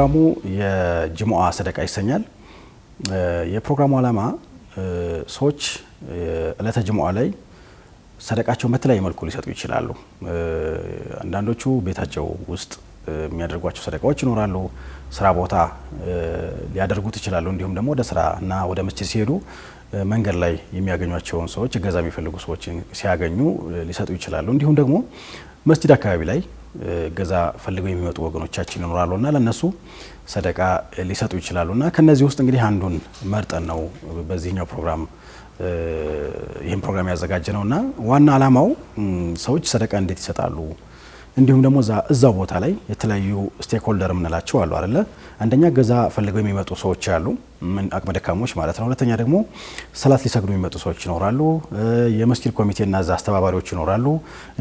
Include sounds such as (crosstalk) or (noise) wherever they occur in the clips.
ፕሮግራሙ የጅሙአ ሰደቃ ይሰኛል። የፕሮግራሙ ዓላማ ሰዎች እለተ ጅሙአ ላይ ሰደቃቸውን በተለያየ መልኩ ሊሰጡ ይችላሉ። አንዳንዶቹ ቤታቸው ውስጥ የሚያደርጓቸው ሰደቃዎች ይኖራሉ። ስራ ቦታ ሊያደርጉት ይችላሉ። እንዲሁም ደግሞ ወደ ስራ እና ወደ መስጂድ ሲሄዱ መንገድ ላይ የሚያገኟቸውን ሰዎች እገዛ የሚፈልጉ ሰዎች ሲያገኙ ሊሰጡ ይችላሉ። እንዲሁም ደግሞ መስጂድ አካባቢ ላይ ገዛ ፈልገው የሚመጡ ወገኖቻችን ይኖራሉ እና ለእነሱ ሰደቃ ሊሰጡ ይችላሉ እና ከነዚህ ውስጥ እንግዲህ አንዱን መርጠን ነው በዚህኛው ፕሮግራም ይህን ፕሮግራም ያዘጋጀ ነው እና ዋና ዓላማው ሰዎች ሰደቃ እንዴት ይሰጣሉ እንዲሁም ደግሞ እዛው ቦታ ላይ የተለያዩ ስቴክሆልደር የምንላቸው አሉ አለ። አንደኛ ገዛ ፈልገው የሚመጡ ሰዎች አሉ፣ አቅመ ደካሞች ማለት ነው። ሁለተኛ ደግሞ ሰላት ሊሰግዱ የሚመጡ ሰዎች ይኖራሉ። የመስጂድ ኮሚቴና እዛ አስተባባሪዎች ይኖራሉ።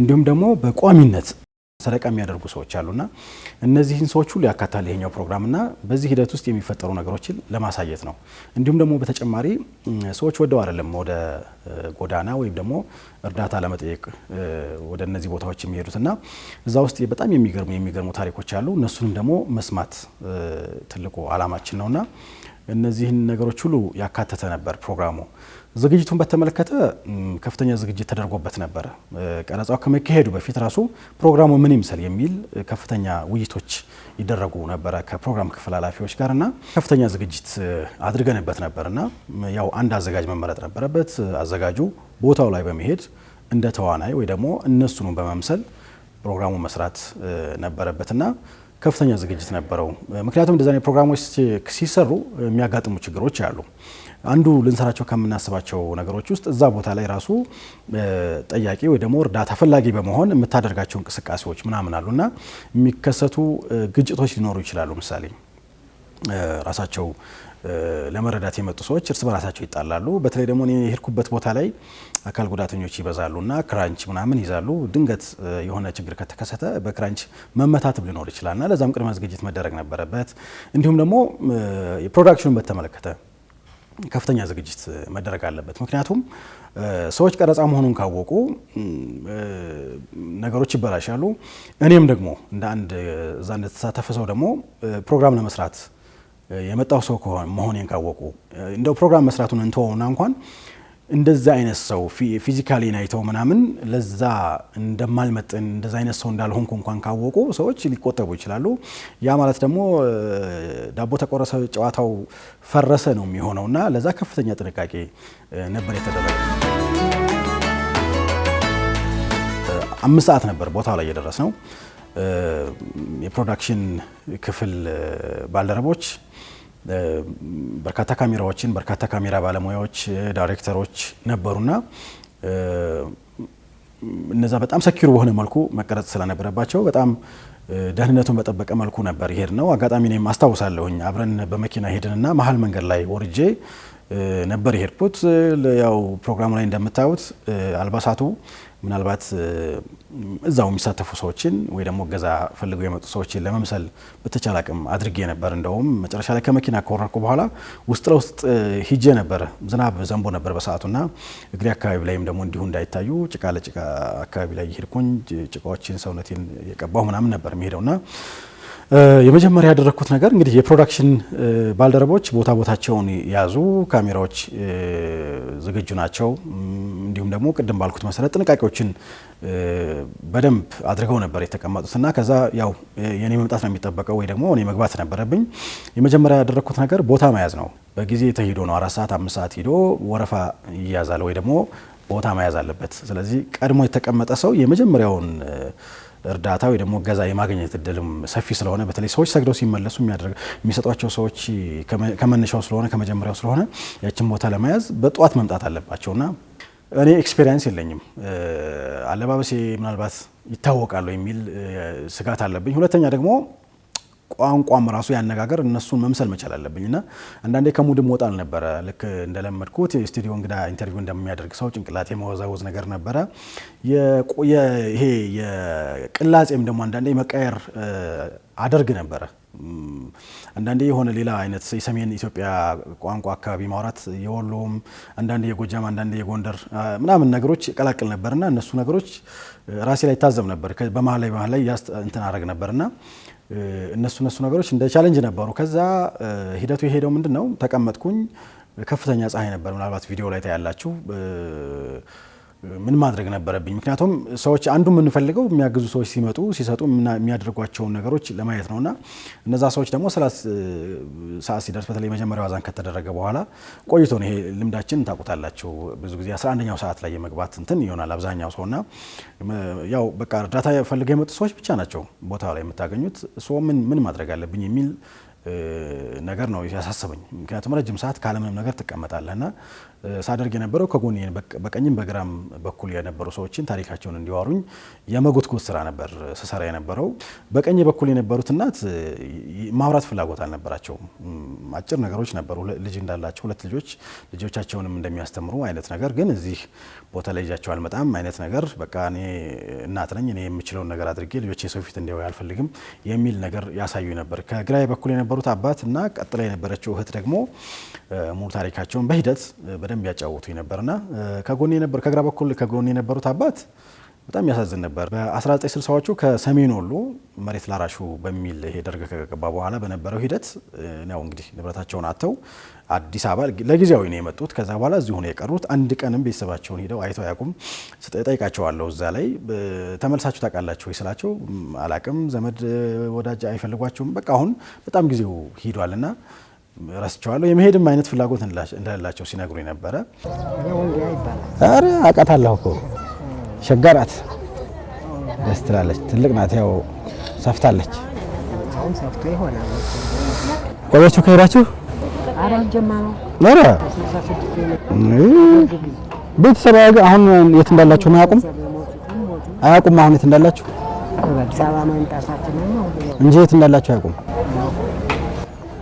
እንዲሁም ደግሞ በቋሚነት ሰደቃ የሚያደርጉ ሰዎች አሉና እነዚህን ሰዎች ሁሉ ያካታል ይሄኛው ፕሮግራምና በዚህ ሂደት ውስጥ የሚፈጠሩ ነገሮችን ለማሳየት ነው። እንዲሁም ደግሞ በተጨማሪ ሰዎች ወደው አይደለም ወደ ጎዳና ወይም ደግሞ እርዳታ ለመጠየቅ ወደ እነዚህ ቦታዎች የሚሄዱትና እዛ ውስጥ በጣም የሚገርሙ የሚገርሙ ታሪኮች አሉ። እነሱንም ደግሞ መስማት ትልቁ አላማችን ነውና እነዚህን ነገሮች ሁሉ ያካተተ ነበር ፕሮግራሙ። ዝግጅቱን በተመለከተ ከፍተኛ ዝግጅት ተደርጎበት ነበረ። ቀረጻው ከመካሄዱ በፊት ራሱ ፕሮግራሙ ምን ይምሰል የሚል ከፍተኛ ውይይቶች ይደረጉ ነበረ ከፕሮግራም ክፍል ኃላፊዎች ጋር እና ከፍተኛ ዝግጅት አድርገንበት ነበር እና ያው አንድ አዘጋጅ መመረጥ ነበረበት። አዘጋጁ ቦታው ላይ በመሄድ እንደ ተዋናይ ወይ ደግሞ እነሱን በመምሰል ፕሮግራሙ መስራት ነበረበትና ከፍተኛ ዝግጅት ነበረው። ምክንያቱም እንደዛ ፕሮግራሞች ሲሰሩ የሚያጋጥሙ ችግሮች አሉ። አንዱ ልንሰራቸው ከምናስባቸው ነገሮች ውስጥ እዛ ቦታ ላይ ራሱ ጠያቂ ወይ ደግሞ እርዳታ ፈላጊ በመሆን የምታደርጋቸው እንቅስቃሴዎች ምናምን አሉ እና የሚከሰቱ ግጭቶች ሊኖሩ ይችላሉ። ምሳሌ ራሳቸው ለመረዳት የመጡ ሰዎች እርስ በራሳቸው ይጣላሉ። በተለይ ደግሞ እኔ የሄድኩበት ቦታ ላይ አካል ጉዳተኞች ይበዛሉ እና ክራንች ምናምን ይዛሉ። ድንገት የሆነ ችግር ከተከሰተ በክራንች መመታትም ሊኖር ይችላል እና ለዛም ቅድመ ዝግጅት መደረግ ነበረበት። እንዲሁም ደግሞ የፕሮዳክሽኑን በተመለከተ ከፍተኛ ዝግጅት መደረግ አለበት። ምክንያቱም ሰዎች ቀረጻ መሆኑን ካወቁ ነገሮች ይበላሻሉ። እኔም ደግሞ እንደ አንድ እዛ እንደተሳተፈ ሰው ደግሞ ፕሮግራም ለመስራት የመጣው ሰው መሆኔን ካወቁ እንደው ፕሮግራም መስራቱን እንተወውና እንኳን እንደዛ አይነት ሰው ፊዚካሊ አይተው ምናምን ለዛ እንደማልመጥን እንደዛ አይነት ሰው እንዳልሆንኩ እንኳን ካወቁ ሰዎች ሊቆጠቡ ይችላሉ። ያ ማለት ደግሞ ዳቦ ተቆረሰ ጨዋታው ፈረሰ ነው የሚሆነው እና ለዛ ከፍተኛ ጥንቃቄ ነበር የተደረገ። አምስት ሰዓት ነበር ቦታ ላይ እየደረስ ነው። የፕሮዳክሽን ክፍል ባልደረቦች በርካታ ካሜራዎችን በርካታ ካሜራ ባለሙያዎች ዳይሬክተሮች ነበሩና እነዛ በጣም ሰኪሩ በሆነ መልኩ መቀረጽ ስለነበረባቸው በጣም ደህንነቱን በጠበቀ መልኩ ነበር ይሄድ ነው። አጋጣሚ እኔም አስታውሳለሁኝ አብረን በመኪና ሄድንና መሀል መንገድ ላይ ወርጄ ነበር የሄድኩት። ያው ፕሮግራሙ ላይ እንደምታዩት አልባሳቱ ምናልባት እዛው የሚሳተፉ ሰዎችን ወይ ደግሞ እገዛ ፈልገው የመጡ ሰዎችን ለመምሰል በተቻለ አቅም አድርጌ ነበር። እንደውም መጨረሻ ላይ ከመኪና ከወረድኩ በኋላ ውስጥ ለውስጥ ሂጄ ነበር። ዝናብ ዘንቦ ነበር በሰዓቱና እግሬ አካባቢ ላይም ደግሞ እንዲሁ እንዳይታዩ ጭቃ ለጭቃ አካባቢ ላይ ይሄድኩኝ ጭቃዎችን ሰውነቴን የቀባሁ ምናምን ነበር የሚሄደውና የመጀመሪያ ያደረግኩት ነገር እንግዲህ የፕሮዳክሽን ባልደረቦች ቦታ ቦታቸውን ያዙ፣ ካሜራዎች ዝግጁ ናቸው፣ እንዲሁም ደግሞ ቅድም ባልኩት መሰረት ጥንቃቄዎችን በደንብ አድርገው ነበር እና ከዛ ያው የኔ መምጣት ነው የሚጠበቀው ወይ ደግሞ እኔ መግባት ነበረብኝ። የመጀመሪያ ያደረግኩት ነገር ቦታ መያዝ ነው። በጊዜ ተሂዶ ነው አራት ሰዓት አምስት ሰዓት ሂዶ ወረፋ ይያዛል ወይ ደግሞ ቦታ መያዝ አለበት። ስለዚህ ቀድሞ የተቀመጠ ሰው የመጀመሪያውን እርዳታ ወይ ደግሞ እገዛ የማግኘት እድልም ሰፊ ስለሆነ በተለይ ሰዎች ሰግደው ሲመለሱ የሚሰጧቸው ሰዎች ከመነሻው ስለሆነ ከመጀመሪያው ስለሆነ ያችን ቦታ ለመያዝ በጠዋት መምጣት አለባቸውና እኔ ኤክስፔሪንስ የለኝም። አለባበሴ ምናልባት ይታወቃሉ የሚል ስጋት አለብኝ። ሁለተኛ ደግሞ ቋንቋም ራሱ ያነጋገር እነሱን መምሰል መቻል አለብኝ እና አንዳንዴ ከሙድም ወጣ አልነበረ። ልክ እንደለመድኩት የስቱዲዮ እንግዳ ኢንተርቪው እንደሚያደርግ ሰው ጭንቅላቴ መወዛወዝ ነገር ነበረ። ይሄ የቅላጼም ደግሞ አንዳንዴ መቀየር አደርግ ነበረ። አንዳንዴ የሆነ ሌላ አይነት የሰሜን ኢትዮጵያ ቋንቋ አካባቢ ማውራት የወሎም አንዳንዴ የጎጃም አንዳንዴ የጎንደር ምናምን ነገሮች ቀላቅል ነበር እና እነሱ ነገሮች ራሴ ላይ ታዘብ ነበር። በመሀል ላይ በመሀል ላይ እንትን አረግ ነበር እና እነሱ እነሱ ነገሮች እንደ ቻለንጅ ነበሩ። ከዛ ሂደቱ የሄደው ምንድን ነው? ተቀመጥኩኝ። ከፍተኛ ፀሐይ ነበር። ምናልባት ቪዲዮ ላይ ታያላችሁ። ምን ማድረግ ነበረብኝ? ምክንያቱም ሰዎች አንዱ የምንፈልገው የሚያግዙ ሰዎች ሲመጡ ሲሰጡ የሚያደርጓቸውን ነገሮች ለማየት ነው እና እነዛ ሰዎች ደግሞ ስላት ሰዓት ሲደርስ በተለይ መጀመሪያው አዛን ከተደረገ በኋላ ቆይቶ ነው ይሄ ልምዳችን ታውቁታላችሁ። ብዙ ጊዜ አስራ አንደኛው ሰዓት ላይ የመግባት እንትን ይሆናል አብዛኛው ሰው እና ያው በቃ እርዳታ ፈልገው የመጡ ሰዎች ብቻ ናቸው ቦታ ላይ የምታገኙት። ሶ ምን ምን ማድረግ አለብኝ የሚል ነገር ነው ያሳሰበኝ። ምክንያቱም ረጅም ሰዓት ካለምንም ነገር ትቀመጣለህ እና ሳደርግ የነበረው ከጎን በቀኝም በግራም በኩል የነበሩ ሰዎችን ታሪካቸውን እንዲዋሩኝ የመጎትጎት ስራ ነበር ስሰራ የነበረው። በቀኝ በኩል የነበሩት እናት ማውራት ፍላጎት አልነበራቸውም። አጭር ነገሮች ነበሩ። ልጅ እንዳላቸው ሁለት ልጆች ልጆቻቸውንም እንደሚያስተምሩ አይነት ነገር፣ ግን እዚህ ቦታ ላይ ይዣቸው አልመጣም አይነት ነገር፣ በቃ እኔ እናት ነኝ እኔ የምችለውን ነገር አድርጌ ልጆች የሰው ፊት እንዲያዩ አልፈልግም የሚል ነገር ያሳዩ ነበር። ከግራ በኩል የነበሩት አባት እና ቀጥላ የነበረችው እህት ደግሞ ሙሉ ታሪካቸውን በሂደት በደንብ ያጫወቱ ነበርና ከጎን ነበር ከግራ በኩል ከጎን የነበሩት አባት በጣም ያሳዝን ነበር። በ1960ዎቹ ከሰሜን ወሎ መሬት ላራሹ በሚል ይሄ ደርግ ከገባ በኋላ በነበረው ሂደት ያው እንግዲህ ንብረታቸውን አጥተው አዲስ አበባ ለጊዜያዊ ነው የመጡት። ከዛ በኋላ እዚሁ ነው የቀሩት። አንድ ቀንም ቤተሰባቸውን ሄደው አይተው አያውቁም። ስጠይቃቸዋለሁ እዛ ላይ ተመልሳችሁ ታውቃላችሁ ስላቸው አላቅም፣ ዘመድ ወዳጅ አይፈልጓቸውም፣ በቃ አሁን በጣም ጊዜው ሂዷልና ረስቸዋለሁ የመሄድም አይነት ፍላጎት እንዳላቸው ሲነግሩ ነበረ። ኧረ አውቃታለሁ እኮ ሸጋራት ደስ ትላለች፣ ትልቅ ናት። ያው ሰፍታለች። ቆያችሁ ከሄዳችሁ ቤተሰብ አሁን የት እንዳላችሁ አያውቁም አያውቁም። አሁን የት እንዳላችሁ እንጂ የት እንዳላችሁ አያውቁም።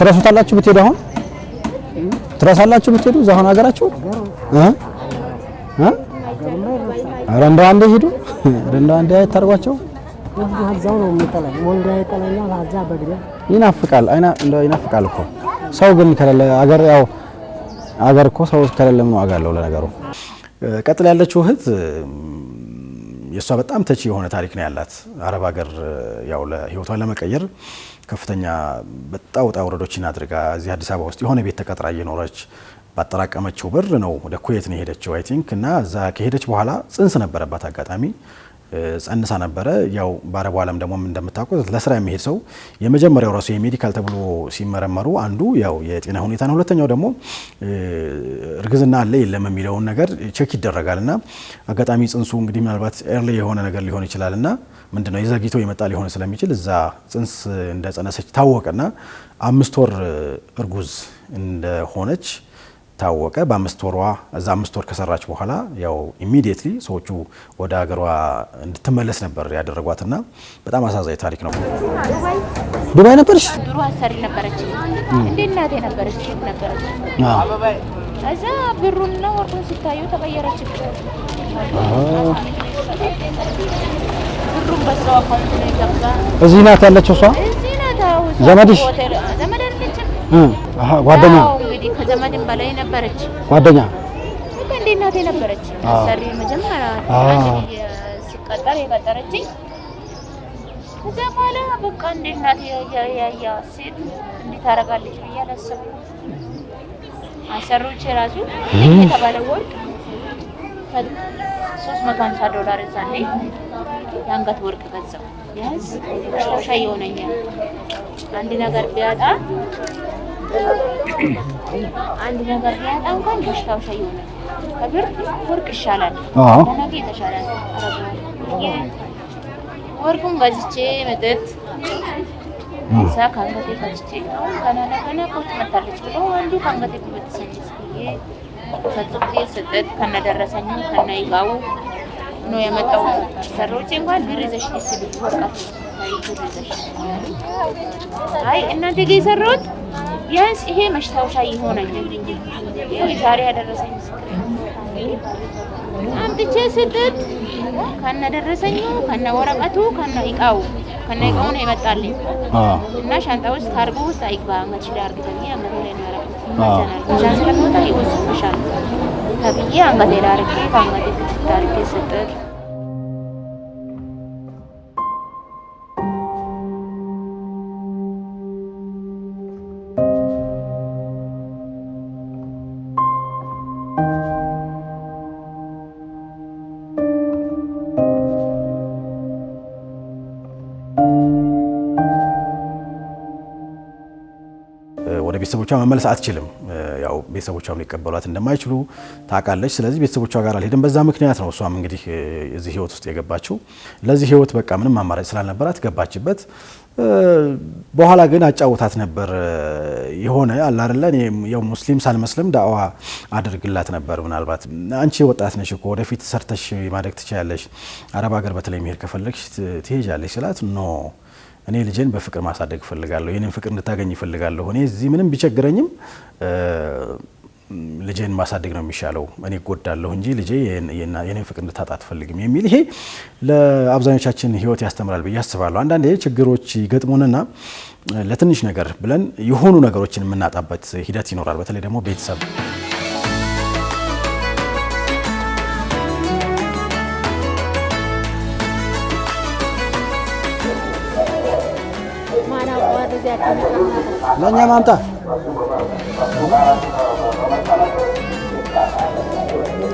ትረሱታላችሁ ብትሄዱ አሁን ትረሳላችሁ ብትሄዱ እዛ አሁን ሀገራችሁ ኧረ እንደው አንዴ ሂዱ እንደው አንዴ አይታርጓቸው ይናፍቃል ይናፍቃል እኮ ሰው ግን ከሌለ አገር ያው አገር እኮ ሰው ከሌለ ምን ዋጋ አለው ለነገሩ ቀጥል ያለችው እህት የእሷ በጣም ተቺ የሆነ ታሪክ ነው ያላት አረብ ሀገር ያው ለህይወቷን ለመቀየር ከፍተኛ በጣም ውጣ ውረዶችን አድርጋ እዚህ አዲስ አበባ ውስጥ የሆነ ቤት ተቀጥራ እየኖረች ባጠራቀመችው ብር ነው ወደ ኩዌት ነው የሄደችው አይ ቲንክ እና እዛ ከሄደች በኋላ ጽንስ ነበረባት አጋጣሚ ጸንሳ ነበረ። ያው በአረቡ ዓለም ደግሞ እንደምታውቁት ለስራ የሚሄድ ሰው የመጀመሪያው ራሱ የሜዲካል ተብሎ ሲመረመሩ አንዱ ያው የጤና ሁኔታ ነው። ሁለተኛው ደግሞ እርግዝና አለ የለም የሚለውን ነገር ቼክ ይደረጋል እና አጋጣሚ ጽንሱ እንግዲህ ምናልባት ኤርሊ የሆነ ነገር ሊሆን ይችላል እና ምንድነው የዘግይቶ የመጣ ሊሆን ስለሚችል እዛ ጽንስ እንደጸነሰች ታወቀና አምስት ወር እርጉዝ እንደሆነች ታወቀ። በአምስት ወሯ እዛ አምስት ወር ከሰራች በኋላ ያው ኢሚዲየትሊ ሰዎቹ ወደ ሀገሯ እንድትመለስ ነበር ያደረጓትና በጣም አሳዛኝ ታሪክ ነው። ዱባይ ነበርሽ? ድሮ አሰሪ ነበረች እንደ እናቴ ነበረች ነበረች። እዛ ብሩና ወርቁን ሲታዩ ተቀየረች። ብሩን አካውንት ነው የገባ። እዚህ ናት ያለችው እሷ ዘመድሽ? ዘመድ ጓደኛ ከዘመድም በላይ ነበረች ጓደኛ እንደ እናቴ ነበረች። ሰሪ መጀመሪያ ሲቀጠር የቀጠረችኝ ከዛ በኋላ በቃ እንደ እናቴ ያያ ሴት እንዴት አደርጋለች ብዬ አላሰብኩም። አሰሮች የራሱ የተባለ ወርቅ ሶስት መቶ ሀምሳ ዶላር ዛኔ የአንገት ወርቅ ገዛው። ያዝ መጨረሻ የሆነኛል አንድ ነገር ቢያጣ አንድ ነገር ያጣ እንኳን በሽታው ሻይ ከብር ወርቅ ይሻላል። አዎ ለነገ የተሻለ ወርቁን ገዝቼ መጠጥ እዛ ከአንገቴ ገዝቼ ገና ለገና ቁርጥ መታለች ብሎ አንዱ ከአንገቴ ብበትሰኝ ስዬ ሰጥቼ ስጠት ከነደረሰኝ ከነይጋው ነው የመጣው ሰሮቼ እንኳን ብር ይዘሽ ስል ወርቃት አይ እናንተ ጋር የሰራሁት ቢያንስ ይሄ መሽታወሻ ይሆነኛል። ዛሬ ያደረሰኝ አምጥቼ ስጥት ከነ ደረሰኙ ከነ ወረቀቱ ከነ እቃው ከነ እቃው ነው ይመጣልኝ እና ሻንጣ ውስጥ ካርጎ ውስጥ አይግባ አንገትሽ ላይ አርግተኝ አንገቴ ላይ ነው ያደረኩት። ዛዝ ይወስድሻል ተብዬ አንገቴ ላይ አርጌ ከአንገቴ ፍትት አርጌ ስጥት ቤተሰቦቿ መመለስ አትችልም። ያው ቤተሰቦቿም ሊቀበሏት እንደማይችሉ ታውቃለች። ስለዚህ ቤተሰቦቿ ጋር አልሄድም። በዛ ምክንያት ነው እሷም እንግዲህ እዚህ ህይወት ውስጥ የገባችው። ለዚህ ህይወት በቃ ምንም አማራጭ ስላልነበራት ገባችበት። በኋላ ግን አጫውታት ነበር የሆነ አላርለ ያው ሙስሊም ሳልመስልም ዳዋ አድርግላት ነበር። ምናልባት አንቺ ወጣት ነሽ እኮ ወደፊት ሰርተሽ ማደግ ትችላለሽ፣ አረብ ሀገር በተለይ መሄድ ከፈለግሽ ትሄጃለሽ ስላት ኖ እኔ ልጄን በፍቅር ማሳደግ እፈልጋለሁ፣ ይህንን ፍቅር እንድታገኝ እፈልጋለሁ። እኔ እዚህ ምንም ቢቸግረኝም ልጄን ማሳደግ ነው የሚሻለው፣ እኔ እጎዳለሁ እንጂ ልጄ የኔን ፍቅር እንድታጣ አትፈልግም የሚል ይሄ ለአብዛኞቻችን ህይወት ያስተምራል ብዬ አስባለሁ። አንዳንዴ ችግሮች ይገጥሙንና ለትንሽ ነገር ብለን የሆኑ ነገሮችን የምናጣበት ሂደት ይኖራል። በተለይ ደግሞ ቤተሰብ ለእኛ ማምጣት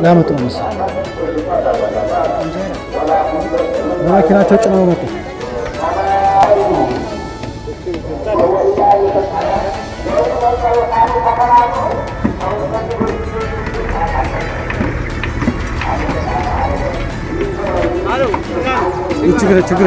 ለመጡ ነው መሰለኝ በመኪናቸው ጭነው መጡ። ችግር ችግር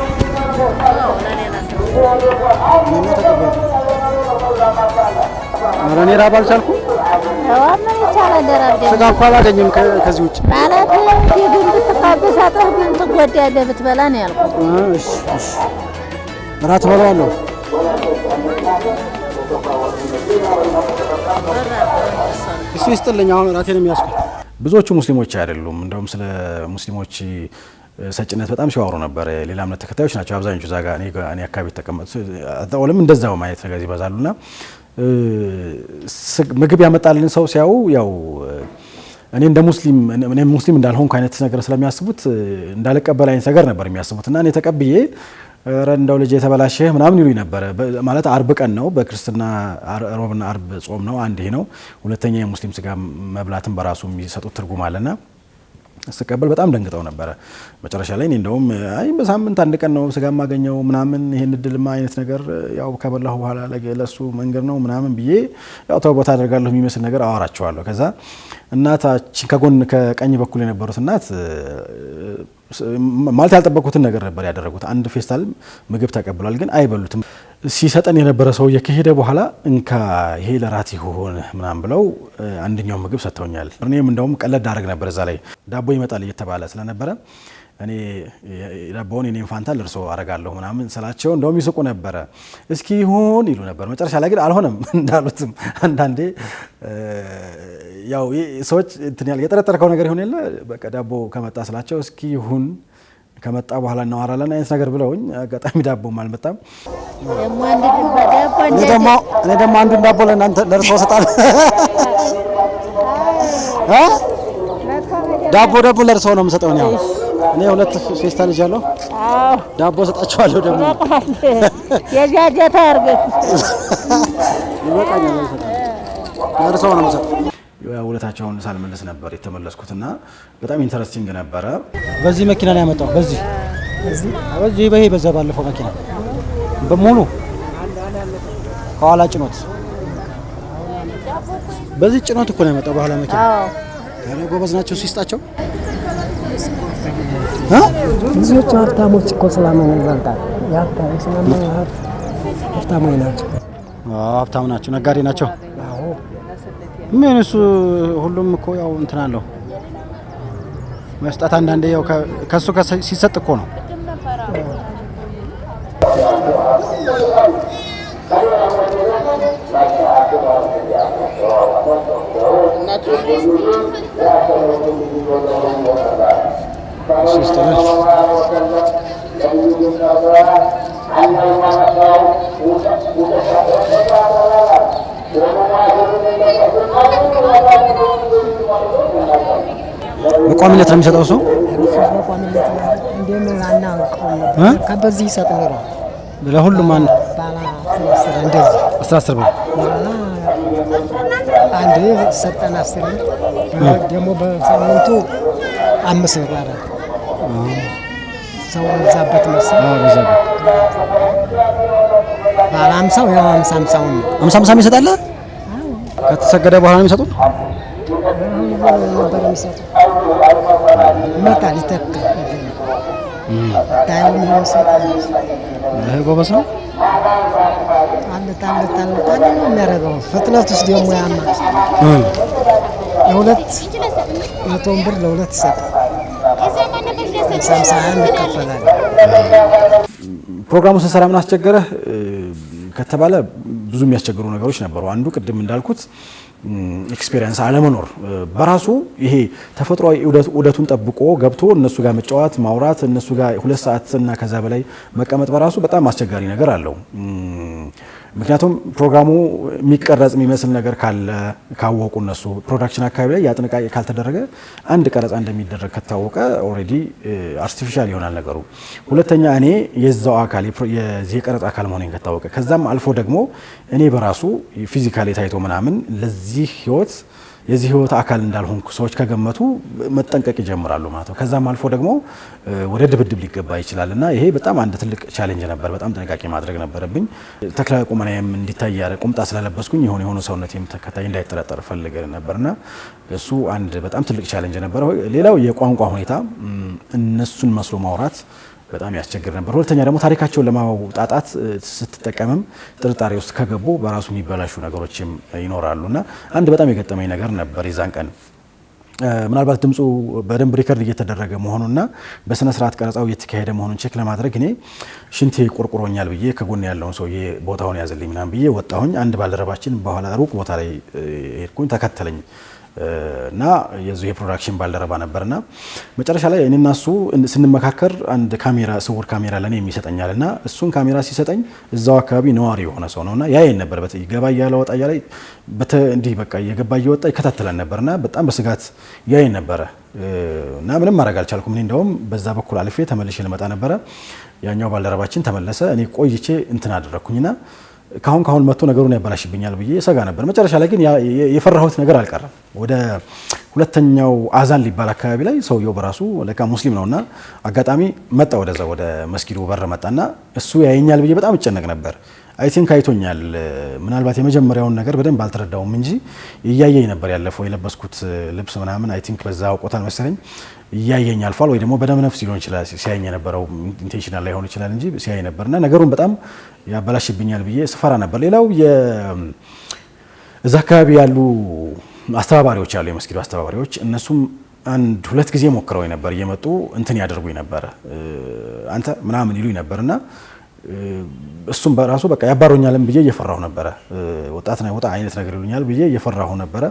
ኧረ እኔ ራብ አልቻልኩም። ስጋ ከዚህ ውጭ ማለት ምን ትጎዳለህ? ብትበላ ነው ያልኩት። እራት እበላዋለሁ። ይስጥልኝ። አሁን እራቴን የሚያስኩት ብዙዎቹ ሙስሊሞች አይደሉም። እንደውም ስለ ሙስሊሞች ሰጭነት በጣም ሲዋሩ ነበር። ሌላ እምነት ተከታዮች ናቸው አብዛኞቹ እዛ ጋር እኔ አካባቢ የተቀመጡ ለም እንደዛው ማየት ነገር ና ምግብ ያመጣልን ሰው ሲያዩ ያው እኔ እንደ ሙስሊም እኔ ሙስሊም እንዳልሆንኩ አይነት ነገር ስለሚያስቡት እንዳልቀበል አይነት ነገር ነበር የሚያስቡት እና እኔ ተቀብዬ ኧረ እንደው ልጅ የተበላሸ ምናምን ይሉኝ ነበረ። ማለት አርብ ቀን ነው በክርስትና ሮብና አርብ ጾም ነው። አንድ ይሄ ነው። ሁለተኛ የሙስሊም ስጋ መብላትን በራሱ የሚሰጡት ትርጉም አለና ስቀበል በጣም ደንግጠው ነበረ። መጨረሻ ላይ እንደውም አይ በሳምንት አንድ ቀን ነው ስጋ ማገኘው ምናምን ይሄን እድልማ አይነት ነገር ያው ከበላሁ በኋላ ለሱ መንገድ ነው ምናምን ብዬ ያው ተውበት አደርጋለሁ የሚመስል ነገር አዋራቸዋለሁ። ከዛ እናታችን ከጎን ከቀኝ በኩል የነበሩት እናት ማለት ያልጠበቁትን ነገር ነበር ያደረጉት። አንድ ፌስታል ምግብ ተቀብሏል፣ ግን አይበሉትም። ሲሰጠን የነበረ ሰው ከሄደ በኋላ እንካ ይሄ ለራት ይሁን ምናም ብለው አንደኛው ምግብ ሰጥተውኛል። እኔም እንደውም ቀለድ ዳረግ ነበር እዛ ላይ ዳቦ ይመጣል እየተባለ ስለነበረ እኔ ዳቦውን እኔም ፋንታ ለእርሶ አረጋለሁ ምናምን ስላቸው እንደውም ይስቁ ነበረ። እስኪ ይሁን ይሉ ነበር። መጨረሻ ላይ ግን አልሆነም። (laughs) እንዳሉትም አንዳንዴ ያው ሰዎች እንትን ያል የጠረጠርከው ነገር ይሆን የለ በቃ ዳቦ ከመጣ ስላቸው እስኪ ይሁን ከመጣ በኋላ እናወራለን አይነት ነገር ብለውኝ አጋጣሚ ዳቦም አልመጣም። እኔ ደግሞ አንዱን ዳቦ ለእናንተ ለእርስዎ ሰጣል። ዳቦ ደግሞ ለእርስዎ ነው የምሰጠው። ያው እኔ ሁለት ፌስታ ልጅ አለሁ። ዳቦ እሰጣችኋለሁ። ደግሞ የዚያ ጀታ ያርገ ይበቃኛል። ለእርስዎ ነው የምሰጠው። ውለታቸውን ሳልመልስ ነበር የተመለስኩትና በጣም ኢንተረስቲንግ ነበረ። በዚህ መኪና ነው ያመጣው። በዚህ በዚህ በይሄ በዛ ባለፈው መኪና በሙሉ ከኋላ ጭኖት በዚህ ጭኖት እኮ ነው ያመጣው በኋላ መኪና። ጎበዝ ናቸው ሲስጣቸው ብዙዎቹ ሀብታሞች እኮ ስለማን ይበልጣል። ሀብታሞች ናቸው፣ ነጋዴ ናቸው። ምን እሱ ሁሉም እኮ ያው እንትን አለው መስጠት አንዳንዴ ያው ከሱ ሲሰጥ እኮ ነው። በቋሚነት ነው የሚሰጠው ሰው በዚህ ይሰጥ ነው ለሁሉም አንድ አስር አስር ብር አንድ ሰጠን አስር ደግሞ በሳምንቱ አምስት ብር አለ ሰው በዛበት መሰለኝ አምሳው ያው አምሳ አምሳው ነው። አምሳ አምሳ ይሰጣል። ከተሰገደ በኋላ ነው የሚሰጡት። ጎበዝ ነው። ፍጥነት ውስጥ ደግሞ ያማ ለሁለት መቶን ብር ለሁለት ይሰጣል። ፕሮግራሙ ስንሰራ ምን አስቸገረህ? ከተባለ ብዙ የሚያስቸግሩ ነገሮች ነበሩ። አንዱ ቅድም እንዳልኩት ኤክስፔሪንስ አለመኖር በራሱ ይሄ ተፈጥሯዊ ውደቱን ጠብቆ ገብቶ እነሱ ጋር መጫወት፣ ማውራት እነሱ ጋር ሁለት ሰዓት እና ከዛ በላይ መቀመጥ በራሱ በጣም አስቸጋሪ ነገር አለው። ምክንያቱም ፕሮግራሙ የሚቀረጽ የሚመስል ነገር ካለ ካወቁ እነሱ ፕሮዳክሽን አካባቢ ላይ ያጥንቃቄ ካልተደረገ አንድ ቀረጻ እንደሚደረግ ከታወቀ ኦልሬዲ አርቲፊሻል ይሆናል ነገሩ። ሁለተኛ እኔ የዛው አካል የዚህ የቀረጻ አካል መሆኔን ከታወቀ ከዛም አልፎ ደግሞ እኔ በራሱ ፊዚካሊ ታይቶ ምናምን ለዚህ ህይወት የዚህ ህይወት አካል እንዳልሆንኩ ሰዎች ከገመቱ መጠንቀቅ ይጀምራሉ ማለት ነው። ከዛም አልፎ ደግሞ ወደ ድብድብ ሊገባ ይችላል እና ይሄ በጣም አንድ ትልቅ ቻሌንጅ ነበር። በጣም ጥንቃቄ ማድረግ ነበረብኝ። ተክለ ቁመናዬም እንዲታይ ያለ ቁምጣ ስለለበስኩኝ የሆነ የሆኑ ሰውነት የምተከታይ እንዳይጠረጠር ፈልግ ነበርና እሱ አንድ በጣም ትልቅ ቻሌንጅ ነበረ። ሌላው የቋንቋ ሁኔታ እነሱን መስሎ ማውራት በጣም ያስቸግር ነበር። ሁለተኛ ደግሞ ታሪካቸውን ለማውጣጣት ስትጠቀምም ጥርጣሬ ውስጥ ከገቡ በራሱ የሚበላሹ ነገሮችም ይኖራሉ እና አንድ በጣም የገጠመኝ ነገር ነበር የዛን ቀን ምናልባት ድምፁ በደንብ ሪከርድ እየተደረገ መሆኑና በስነ ስርዓት ቀረጻው እየተካሄደ መሆኑን ቼክ ለማድረግ እኔ ሽንቴ ቆርቁሮኛል ብዬ ከጎን ያለውን ሰውዬ ቦታውን ያዘልኝ ምናምን ብዬ ወጣሁኝ። አንድ ባልደረባችን በኋላ ሩቅ ቦታ ላይ ሄድኩኝ፣ ተከተለኝ። እና የዚሁ የፕሮዳክሽን ባልደረባ ነበርና መጨረሻ ላይ እኔና እሱ ስንመካከር አንድ ካሜራ ስውር ካሜራ ለእኔ የሚሰጠኛል እና እሱን ካሜራ ሲሰጠኝ እዛው አካባቢ ነዋሪ የሆነ ሰው ነው እና ያየን ነበር። ገባ እያለ ወጣ እያለ እንዲህ በቃ እየገባ እየወጣ ይከታተለን ነበር እና በጣም በስጋት ያየን ነበረ እና ምንም ማድረግ አልቻልኩም። እኔ እንደውም በዛ በኩል አልፌ ተመልሼ ልመጣ ነበረ። ያኛው ባልደረባችን ተመለሰ። እኔ ቆይቼ እንትን አደረግኩኝና ካሁን ካሁን መጥቶ ነገሩን ያበላሽብኛል ብዬ ሰጋ ነበር። መጨረሻ ላይ ግን የፈራሁት ነገር አልቀረም። ወደ ሁለተኛው አዛን ሊባል አካባቢ ላይ ሰውየው በራሱ ለካ ሙስሊም ነውና አጋጣሚ መጣ። ወደዛ ወደ መስጊዱ በር መጣና እሱ ያየኛል ብዬ በጣም እጨነቅ ነበር። አይ ቲንክ አይቶኛል። ምናልባት የመጀመሪያውን ነገር በደንብ አልተረዳውም እንጂ እያየኝ ነበር። ያለፈው የለበስኩት ልብስ ምናምን አይ ቲንክ በዛ አውቆታል መሰለኝ። እያየኝ አልፏል ወይ ደግሞ በደም ነፍስ ሊሆን ይችላል ሲያየኝ የነበረው ኢንቴንሽናል ላይሆን ይችላል እንጂ ሲያይ ነበርና ነገሩን በጣም ያበላሽብኛል ብዬ ስፈራ ነበር። ሌላው እዛ አካባቢ ያሉ አስተባባሪዎች አሉ፣ የመስጊዱ አስተባባሪዎች እነሱም አንድ ሁለት ጊዜ ሞክረው ነበር እየመጡ እንትን ያደርጉኝ ነበር አንተ ምናምን ይሉኝ ነበር እና እሱም በራሱ በቃ ያባሩኛልም ብዬ እየፈራሁ ነበረ። ወጣት ወጣ አይነት ነገር ይሉኛል ብዬ እየፈራሁ ነበረ።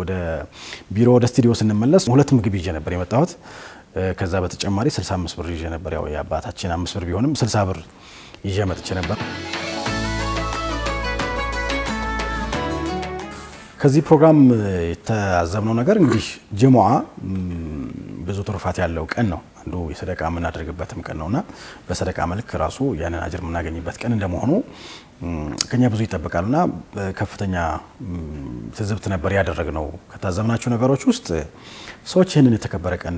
ወደ ቢሮ ወደ ስቱዲዮ ስንመለስ ሁለት ምግብ ይዤ ነበር የመጣሁት። ከዛ በተጨማሪ 65 ብር ይዤ ነበር። ያው የአባታችን አምስት ብር ቢሆንም 60 ብር ይዤ መጥቼ ነበር። ከዚህ ፕሮግራም የተያዘብነው ነገር እንግዲህ ጅሙዓ ብዙ ትሩፋት ያለው ቀን ነው። አንዱ የሰደቃ የምናደርግበትም ቀን ነውና በሰደቃ መልክ ራሱ ያንን አጅር የምናገኝበት ቀን እንደመሆኑ ከኛ ብዙ ይጠበቃል እና ከፍተኛ ትዝብት ነበር ነው ከታዘብናቸው ነገሮች ውስጥ ሰዎች ይህንን የተከበረ ቀን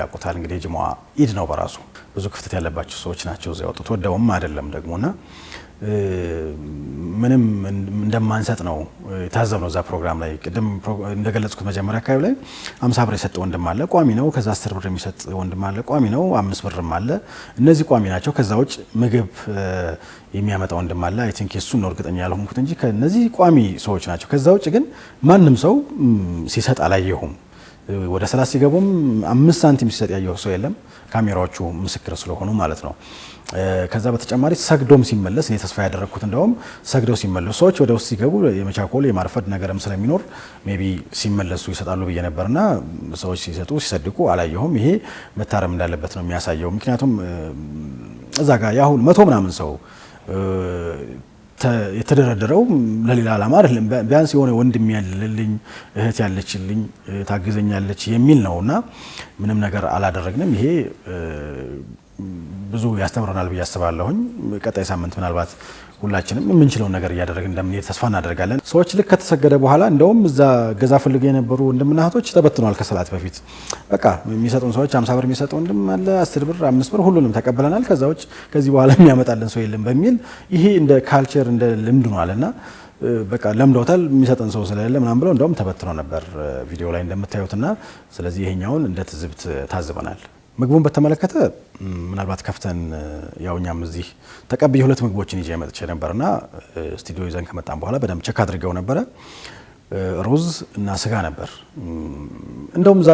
ያውቁታል። እንግዲህ የጅማዋ ኢድ ነው በራሱ ብዙ ክፍተት ያለባቸው ሰዎች ናቸው። እዚያ ወጡት ወደውም አይደለም ደግሞ ምንም እንደማንሰጥ ነው የታዘብ ነው እዛ ፕሮግራም ላይ ቅድም እንደገለጽኩት መጀመሪያ አካባቢ ላይ አምሳ ብር የሰጠ ወንድም አለ ቋሚ ነው። ከዛ አስር ብር የሚሰጥ ወንድም አለ ቋሚ ነው። አምስት ብርም አለ። እነዚህ ቋሚ ናቸው። ከዛ ውጭ ምግብ የሚያመጣ ወንድም አለ። አይ ቲንክ የሱን ነው እርግጠኛ ያልሆንኩት እንጂ ከነዚህ ቋሚ ሰዎች ናቸው። ከዛ ውጭ ግን ማንም ሰው ሲሰጥ አላየሁም። ወደ ሰላሳ ሲገቡም አምስት ሳንቲም ሲሰጥ ያየው ሰው የለም። ካሜራዎቹ ምስክር ስለሆኑ ማለት ነው። ከዛ በተጨማሪ ሰግዶም ሲመለስ እኔ ተስፋ ያደረግኩት እንደውም ሰግደው ሲመለሱ ሰዎች ወደ ውስጥ ሲገቡ የመቻኮል የማርፈድ ነገርም ስለሚኖር ሜቢ ሲመለሱ ይሰጣሉ ብዬ ነበርና ሰዎች ሲሰጡ ሲሰድቁ አላየሁም። ይሄ መታረም እንዳለበት ነው የሚያሳየው። ምክንያቱም እዛ ጋር ያሁን መቶ ምናምን ሰው የተደረደረው ለሌላ ዓላማ አይደለም። ቢያንስ የሆነ ወንድም ያለልኝ እህት ያለችልኝ ታግዘኛለች የሚል ነው እና ምንም ነገር አላደረግንም። ይሄ ብዙ ያስተምረናል ብዬ አስባለሁኝ። ቀጣይ ሳምንት ምናልባት ሁላችንም የምንችለውን ነገር እያደረግን እንደምንሄድ ተስፋ እናደርጋለን። ሰዎች ልክ ከተሰገደ በኋላ እንደውም እዛ ገዛ ፈልገው የነበሩ ወንድምናቶች ተበትኗል ተበትነዋል። ከሰላት በፊት በቃ የሚሰጡን ሰዎች አምሳ ብር የሚሰጥ ወንድም አለ፣ አስር ብር፣ አምስት ብር ሁሉንም ተቀብለናል። ከዛ ውጭ ከዚህ በኋላ የሚያመጣልን ሰው የለም በሚል ይሄ እንደ ካልቸር እንደ ልምድ ኗል እና በቃ ለምደውታል። የሚሰጠን ሰው ስለሌለ ምናምን ብለው እንደውም ተበትነው ነበር ቪዲዮ ላይ እንደምታዩትና ስለዚህ ይሄኛውን እንደ ትዝብት ታዝበናል። ምግቡን በተመለከተ ምናልባት ከፍተን ያው እኛም እዚህ ተቀብዬ ሁለት ምግቦችን ይዤ መጥቼ ነበርና ስቱዲዮ ይዘን ከመጣን በኋላ በደንብ ቸክ አድርገው ነበረ። ሩዝ እና ስጋ ነበር። እንደውም እዛ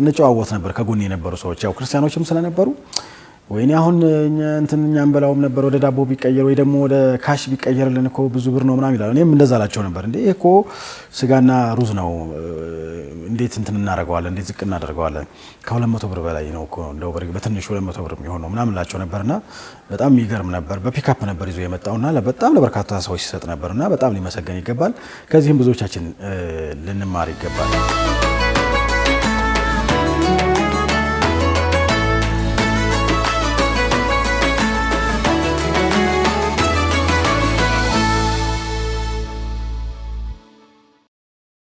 እንጨዋወት ነበር ከጎን የነበሩ ሰዎች ያው ክርስቲያኖችም ስለነበሩ ወይኔ አሁን እንትን እኛ እንበላውም ነበር ወደ ዳቦ ቢቀየር ወይ ደግሞ ወደ ካሽ ቢቀየርልን እኮ ብዙ ብር ነው ምናምን ይላሉ። እኔም እንደዛ ላቸው ነበር። እንዴ ይሄ እኮ ስጋና ሩዝ ነው፣ እንዴት እንትን እናደርገዋለን? እንዴት ዝቅ እናደርገዋለን? ከሁለት መቶ ብር በላይ ነው እኮ እንደው በትንሹ ሁለት መቶ ብር የሚሆነው ምናምን ላቸው ነበርና በጣም የሚገርም ነበር። በፒካፕ ነበር ይዞ የመጣውና በጣም ለበርካታ ሰዎች ሲሰጥ ነበርና በጣም ሊመሰገን ይገባል። ከዚህም ብዙዎቻችን ልንማር ይገባል።